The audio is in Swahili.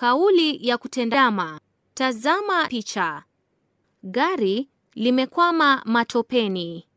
Kauli ya kutendama. Tazama picha. Gari limekwama matopeni.